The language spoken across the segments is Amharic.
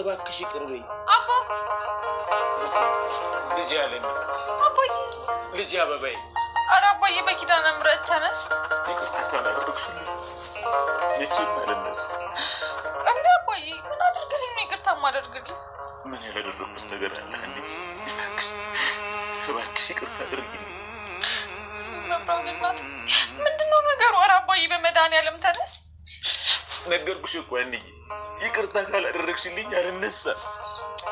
እባክሽ ይቅር በይኝ። ልጅ ያለኝ ልጅ አበባዬ ኧረ አባዬ በኪዳነ ምሕረት ተነስ። ይቅርታ ካላደረግሽልኝ መቼም አልነሳም። እንደ አባዬ ምን አድርገህ ነው ይቅርታ የማደርግልኝ? ምን ያላደረግኩት ነገር አለ? እባክሽ ይቅርታ አድርጊልኝ። ምንድን ነገሩ? ኧረ አባዬ በመድኃኒዓለም ተነስ። ነገርኩሽ እኮ አንዬ ይቅርታ ካላደረግሽልኝ አልነሳ።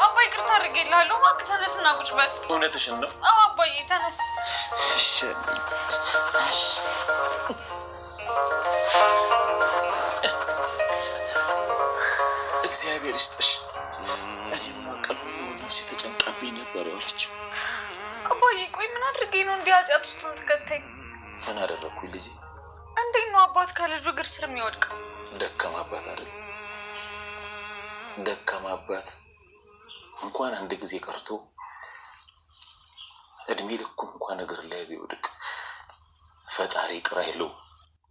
አባይ ይቅርታ አድርጌልሃለሁ። እባክህ ተነስና ቁጭ በል። እውነትሽን ነው አባዬ፣ ተነስ። እግዚአብሔር ይስጥሽ። እኔማ ቀኑ ነፍሴ ተጨንቃብኝ ነበር አለችው። አባዬ፣ ቆይ ምን አድርጌ ነው እንዲህ ኃጢአት ውስጥ የምትከተኝ? ምን አደረግኩኝ ልጄ? እንዴት ነው አባት ከልጁ እግር ስር የሚወድቅ? ደካማ አባት አይደል ደካማ አባት እንኳን አንድ ጊዜ ቀርቶ እድሜ ልኩ እንኳን እግር ላይ ቢወድቅ ፈጣሪ ይቅር አይለው።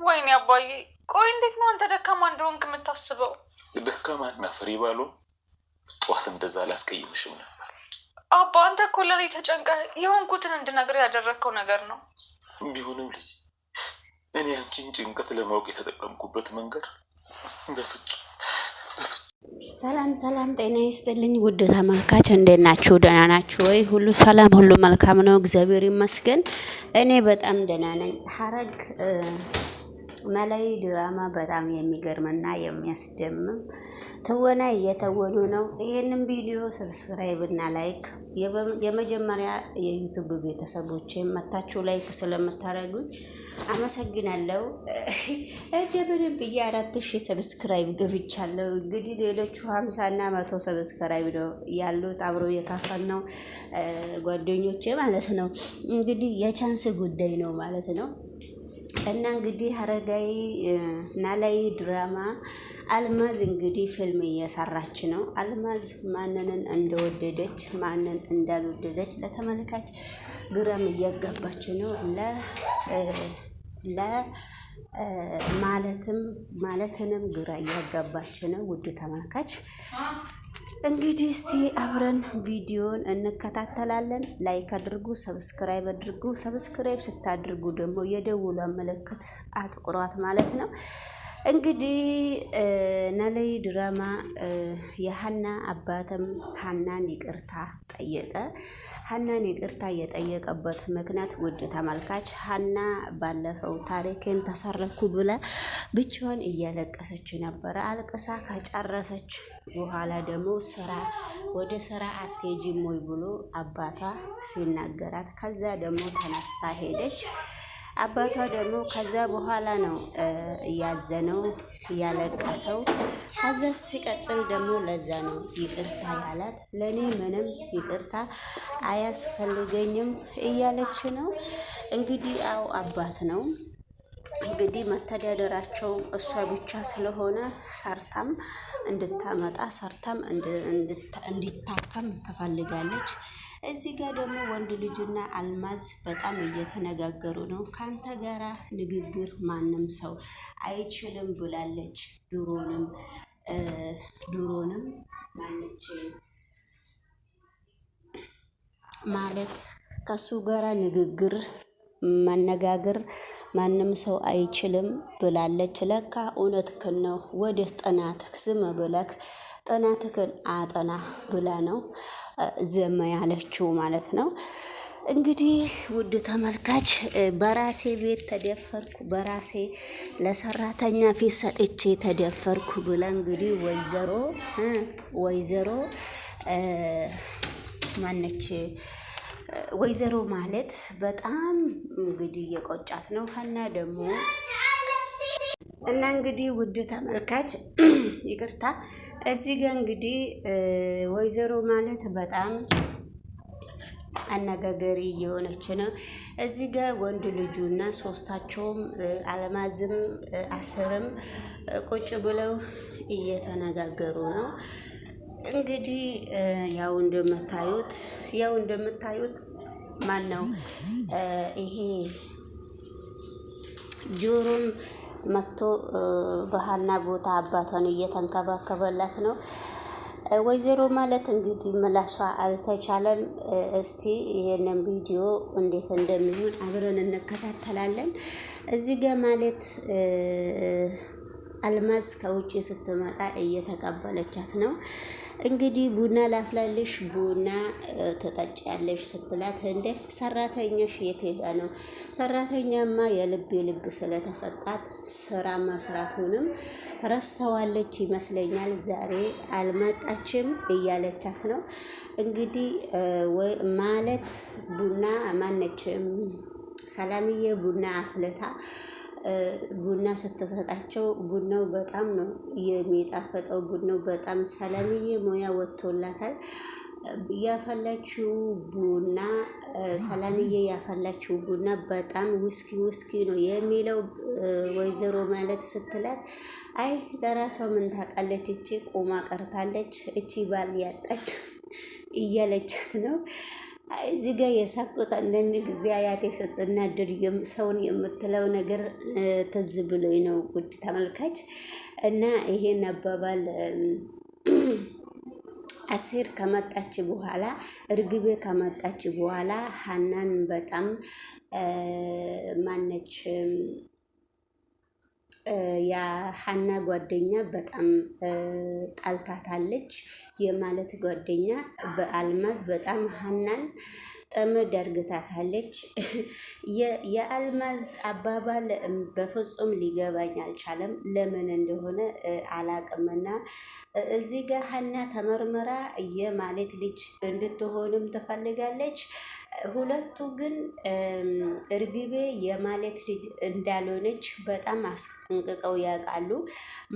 ወይኔ አባዬ፣ ቆይ እንዴት ነው አንተ ደካማ እንደሆንክ የምታስበው? ደካማ እና ፍሬ ባሎ ጠዋት እንደዛ ላስቀይምሽም ነበር። አባ አንተ እኮ ለእኔ ተጨንቀህ የሆንኩትን እንድነግር ያደረግከው ነገር ነው። ቢሆንም ልጅ እኔ አንቺን ጭንቀት ለማወቅ የተጠቀምኩበት መንገድ በፍጹም ሰላም ሰላም፣ ጤና ይስጥልኝ ውድ ተመልካች፣ እንዴት ናችሁ? ደህና ናችሁ ወይ? ሁሉ ሰላም፣ ሁሉ መልካም ነው፣ እግዚአብሔር ይመስገን። እኔ በጣም ደህና ነኝ። ሐረግ መላይ ድራማ በጣም የሚገርምና የሚያስደምም ትወና እየተወኑ ነው። ይህንን ቪዲዮ ሰብስክራይብ እና ላይክ የመጀመሪያ የዩቱብ ቤተሰቦች መታችሁ ላይክ ስለምታደርጉኝ አመሰግናለሁ። እንደ በደንብ ብዬ አራት ሺህ ሰብስክራይብ ገብቻለሁ። እንግዲህ ሌሎቹ እና መቶ ሰብስክራይብ ነው ያሉት አብሮ የካፈል ነው ጓደኞቼ ማለት ነው። እንግዲህ የቻንስ ጉዳይ ነው ማለት ነው እና እንግዲህ አረጋይ ናላይ ድራማ አልማዝ እንግዲህ ፊልም እየሰራች ነው። አልማዝ ማንንን እንደወደደች ማንን እንዳልወደደች ለተመልካች ግራም እያጋባች ነው። ለ ማለትም ማለትንም ግራ እያጋባች ነው። ውድ ተመልካች እንግዲህ እስቲ አብረን ቪዲዮን እንከታተላለን። ላይክ አድርጉ፣ ሰብስክራይብ አድርጉ። ሰብስክራይብ ስታድርጉ ደግሞ የደውሏ ምልክት አትቁሯት ማለት ነው። እንግዲህ ኖላዊ ድራማ የሀና አባትም ሀናን ይቅርታ ጠየቀ። ሀናን ይቅርታ የጠየቀበት ምክንያት ውድ ተመልካች ሀና ባለፈው ታሪክን ተሰረኩ ብለ ብቻዋን እያለቀሰች ነበረ። አልቅሳ ከጨረሰች በኋላ ደግሞ ስራ ወደ ስራ አትሄጂም ወይ ብሎ አባቷ ሲናገራት፣ ከዛ ደግሞ ተነስታ ሄደች። አባቷ ደግሞ ከዛ በኋላ ነው እያዘነው እያለቀሰው። ከዛ ሲቀጥል ደግሞ ለዛ ነው ይቅርታ ያላት። ለእኔ ምንም ይቅርታ አያስፈልገኝም እያለች ነው እንግዲህ። አው አባት ነው እንግዲህ መተዳደራቸው እሷ ብቻ ስለሆነ ሰርታም እንድታመጣ ሰርታም እንድታከም ትፈልጋለች። እዚህ ጋር ደግሞ ወንድ ልጁና አልማዝ በጣም እየተነጋገሩ ነው። ካንተ ጋራ ንግግር ማንም ሰው አይችልም ብላለች። ድሮንም ድሮንም ማነች ማለት ከሱ ጋራ ንግግር መነጋገር ማንም ሰው አይችልም ብላለች። ለካ እውነት ክነው ወደ ጥናት ስም ብለክ ጥናትህን አጠና ብላ ነው ዘመ ያለችው ማለት ነው። እንግዲህ ውድ ተመልካች በራሴ ቤት ተደፈርኩ፣ በራሴ ለሰራተኛ ፊት ሰጥቼ ተደፈርኩ ብላ እንግዲህ ወይዘሮ ወይዘሮ ማነች ወይዘሮ ማለት በጣም እንግዲህ የቆጫት ነው። ሀና ደግሞ እና እንግዲህ ውድ ተመልካች ይቅርታ፣ እዚህ ጋር እንግዲህ ወይዘሮ ማለት በጣም አነጋገሪ እየሆነች ነው። እዚህ ጋር ወንድ ልጁ እና ሶስታቸውም አለማዝም አስርም ቁጭ ብለው እየተነጋገሩ ነው። እንግዲህ ያው እንደምታዩት ያው እንደምታዩት ማን ነው ይሄ ጆሮም መጥቶ በሀና ቦታ አባቷን እየተንከባከበላት ነው። ወይዘሮ ማለት እንግዲህ ምላሷ አልተቻለም። እስቲ ይሄንን ቪዲዮ እንዴት እንደሚሆን አብረን እንከታተላለን። እዚህ ጋ ማለት አልማዝ ከውጭ ስትመጣ እየተቀበለቻት ነው። እንግዲህ ቡና ላፍላልሽ ቡና ተጠጭ ያለሽ ስትላት እንደ ሰራተኛሽ የት ሄዳ ነው? ሰራተኛማ የልብ የልብ ስለተሰጣት ስራ መስራቱንም ረስተዋለች ይመስለኛል። ዛሬ አልመጣችም እያለቻት ነው እንግዲህ ማለት ቡና ማነችም ሰላምዬ ቡና አፍልታ ቡና ስትሰጣቸው ቡናው በጣም ነው የሚጣፈጠው። ቡናው በጣም ሰላምዬ ሙያ ወጥቶላታል። ያፈላችው ቡና ሰላምዬ ያፈላችው ቡና በጣም ውስኪ ውስኪ ነው የሚለው ወይዘሮ ማለት ስትላት፣ አይ ለራሷ ምን ታውቃለች፣ እቺ ቆማ ቀርታለች፣ እቺ ባል ያጣች እያለቻት ነው። እዚህ ጋር የሳቁት አንዳንድ ጊዜ የሰጠና ድር ሰውን የምትለው ነገር ትዝ ብሎኝ ነው። ጉድ ተመልካች እና ይሄን አባባል አሴር ከመጣች በኋላ እርግቤ ከመጣች በኋላ ሀናን በጣም ማነች የሀና ጓደኛ በጣም ጣልታታለች። የማለት ጓደኛ በአልማዝ በጣም ሀናን ጠመድ አድርግታታለች። የአልማዝ አባባል በፍጹም ሊገባኝ አልቻለም። ለምን እንደሆነ አላቅምና እዚህ ጋር ሀና ተመርምራ የማለት ልጅ እንድትሆንም ትፈልጋለች። ሁለቱ ግን እርግቤ የማለት ልጅ እንዳልሆነች በጣም አስጠንቅቀው ያውቃሉ።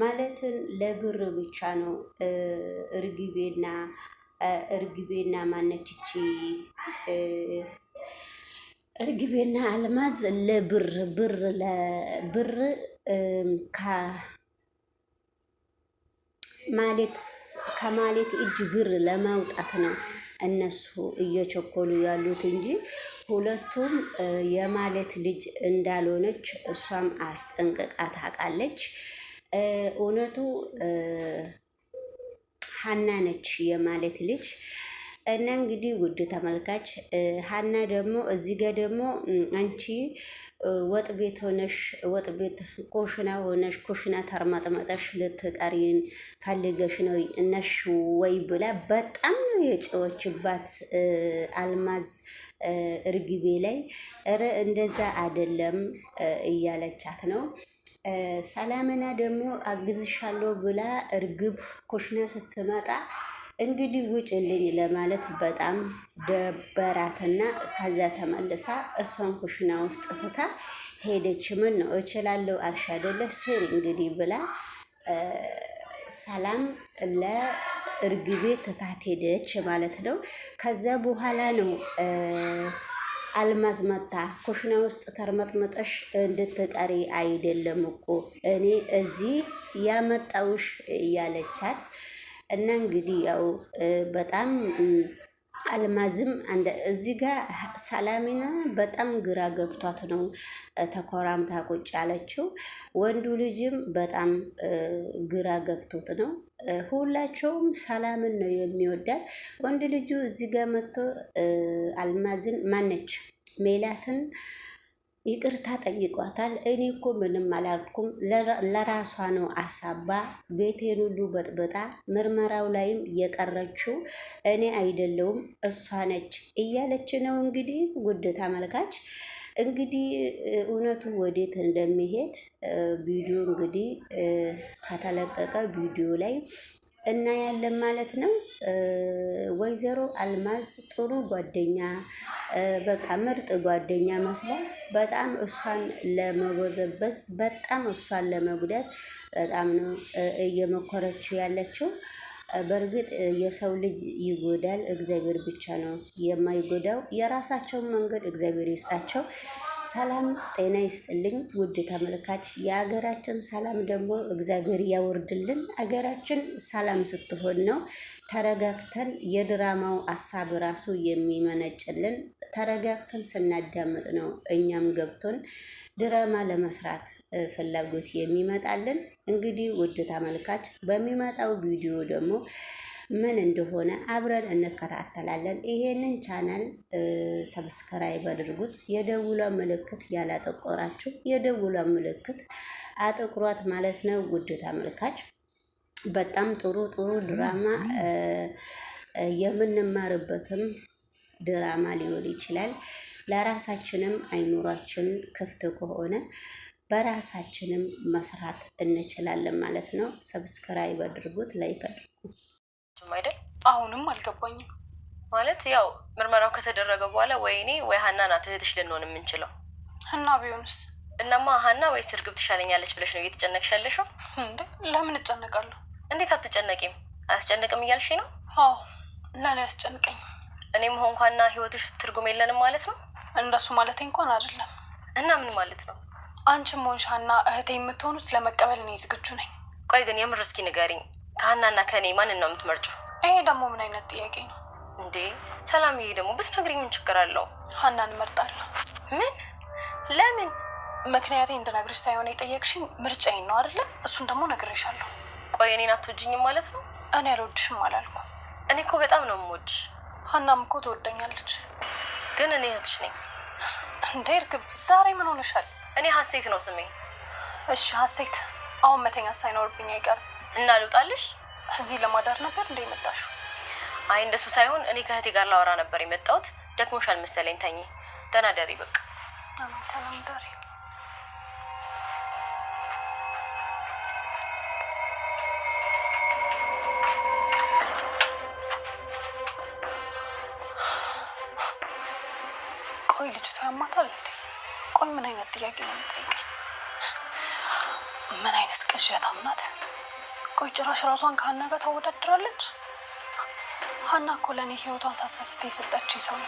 ማለትን ለብር ብቻ ነው እርግቤና እርግቤና ማነችቺ እርግቤና አልማዝ ለብር ብር ለብር ከማለት እጅ ብር ለማውጣት ነው። እነሱ እየቸኮሉ ያሉት እንጂ ሁለቱም የማለት ልጅ እንዳልሆነች እሷም አስጠንቅቃ ታውቃለች። እውነቱ ሀና ነች የማለት ልጅ እና እንግዲህ ውድ ተመልካች ሀና ደግሞ እዚህ ጋር ደግሞ አንቺ ወጥ ቤት ሆነሽ ወጥ ቤት ኩሽና ሆነሽ ኩሽና ተርማጥመጠሽ ልትቀሪን ፈልገሽ ነው እነሽ ወይ ብላ በጣም ነው የጨዎችባት አልማዝ እርግቤ ላይ። እረ እንደዛ አይደለም እያለቻት ነው። ሰላምና ደግሞ አግዝሻለሁ ብላ እርግብ ኩሽና ስትመጣ እንግዲህ ውጭልኝ ለማለት በጣም ደበራትና ከዚያ ተመልሳ እሷን ኩሽና ውስጥ ትታ ሄደች። ምን ነው እችላለሁ አልሽ አይደለ ስሪ እንግዲህ ብላ ሰላም ለእርግቤ ትታት ሄደች ማለት ነው። ከዛ በኋላ ነው አልማዝ መታ ኩሽና ውስጥ ተርመጥመጠሽ እንድትቀሪ አይደለም እኮ እኔ እዚህ ያመጣውሽ እያለቻት እና እንግዲህ ያው በጣም አልማዝም እዚህ ጋር ሰላሚና በጣም ግራ ገብቷት ነው ተኮራምታ ቁጭ ያለችው። ወንዱ ልጅም በጣም ግራ ገብቶት ነው። ሁላቸውም ሰላምን ነው የሚወዳት። ወንድ ልጁ እዚህ ጋር መጥቶ አልማዝን ማነች ሜላትን ይቅርታ ጠይቋታል። እኔ እኮ ምንም አላልኩም፣ ለራሷ ነው አሳባ ቤቴን ሁሉ በጥብጣ፣ ምርመራው ላይም የቀረችው እኔ አይደለውም እሷ ነች እያለች ነው። እንግዲህ ውድ ተመልካች እንግዲህ እውነቱ ወዴት እንደሚሄድ ቪዲዮ እንግዲህ ከተለቀቀ ቪዲዮ ላይ እና ያለን ማለት ነው። ወይዘሮ አልማዝ ጥሩ ጓደኛ በቃ ምርጥ ጓደኛ መስላ በጣም እሷን ለመወዘበዝ በጣም እሷን ለመጉዳት በጣም ነው እየመኮረችው ያለችው። በእርግጥ የሰው ልጅ ይጎዳል፣ እግዚአብሔር ብቻ ነው የማይጎዳው። የራሳቸውን መንገድ እግዚአብሔር ይስጣቸው። ሰላም ጤና ይስጥልኝ ውድ ተመልካች። የሀገራችን ሰላም ደግሞ እግዚአብሔር ያወርድልን። ሀገራችን ሰላም ስትሆን ነው ተረጋግተን የድራማው አሳብ ራሱ የሚመነጭልን። ተረጋግተን ስናዳምጥ ነው እኛም ገብቶን ድራማ ለመስራት ፍላጎት የሚመጣልን። እንግዲህ ውድ ተመልካች በሚመጣው ቪዲዮ ደግሞ ምን እንደሆነ አብረን እንከታተላለን። ይሄንን ቻናል ሰብስክራይብ አድርጉት። የደውሏ ምልክት ያላጠቆራችሁ የደውሏ ምልክት አጥቁሯት ማለት ነው። ውድ ተመልካች በጣም ጥሩ ጥሩ ድራማ የምንማርበትም ድራማ ሊሆን ይችላል። ለራሳችንም አይኑሯችን ክፍት ከሆነ በራሳችንም መስራት እንችላለን ማለት ነው። ሰብስክራይብ አድርጉት፣ ላይክ አድርጉ። አልገባችም አይደል? አሁንም አልገባኝም። ማለት ያው ምርመራው ከተደረገ በኋላ ወይ እኔ ወይ ሀና ናት እህትሽ ልንሆን የምንችለው። ሀና ቢሆንስ? እናማ ሀና ወይ ስርግብ ትሻለኛለች ብለሽ ነው እየተጨነቅሽ ያለሽው? ለምን እጨነቃለሁ? እንዴት አትጨነቂም? አያስጨንቅም እያልሽ ነው? አዎ ለኔ ያስጨንቀኝ። እኔም ሆንኳና ህይወትሽ ውስጥ ትርጉም የለንም ማለት ነው? እንደሱ ማለት እንኳን አይደለም። እና ምን ማለት ነው? አንቺም ሆንሽ ሀና እህቴ የምትሆኑት ለመቀበል እኔ ዝግጁ ነኝ። ቆይ ግን የምር እስኪ ንገሪኝ ከሀናና ከእኔ ማንን ነው የምትመርጭው? ይሄ ደግሞ ምን አይነት ጥያቄ ነው እንዴ? ሰላምዬ ደግሞ ብትነግሪኝ ምን ችግር አለው? ሀናን እመርጣለሁ። ምን? ለምን? ምክንያቴ እንድነግርሽ ሳይሆን የጠየቅሽኝ ምርጫዬን ነው አይደለ? እሱን ደግሞ ነግሬሻለሁ። ቆይ እኔን አትወጂኝም ማለት ነው? እኔ አልወድሽም አላልኩ። እኔ እኮ በጣም ነው የምወድሽ። ሀናም እኮ ትወደኛለች። ግን እኔ እህትሽ ነኝ። እንዴ እርግብ ዛሬ ምን ሆነሻል? እኔ ሀሴት ነው ስሜ። እሺ ሀሴት፣ አሁን መተኛ ሳይኖርብኝ አይቀርም እና ልውጣልሽ? እዚህ ለማዳር ነበር እንደ የመጣሽው? አይ እንደሱ ሳይሆን እኔ ከእህቴ ጋር ላወራ ነበር የመጣሁት። ደክሞሻል መሰለኝ። ተኝ፣ ደህና ደሪ። በቃ ሰላም ደሪ። ቆይ ልጅቷ ያማታል እንዴ? ቆይ ምን አይነት ጥያቄ ነው የምጠይቀኝ? ምን አይነት ቅዠታም ናት? ቆይ ጭራሽ ራሷን ከሀና ጋር ታወዳድራለች። ሀና እኮ ለእኔ ህይወቷን ሳሳስት የሰጠችኝ ሰው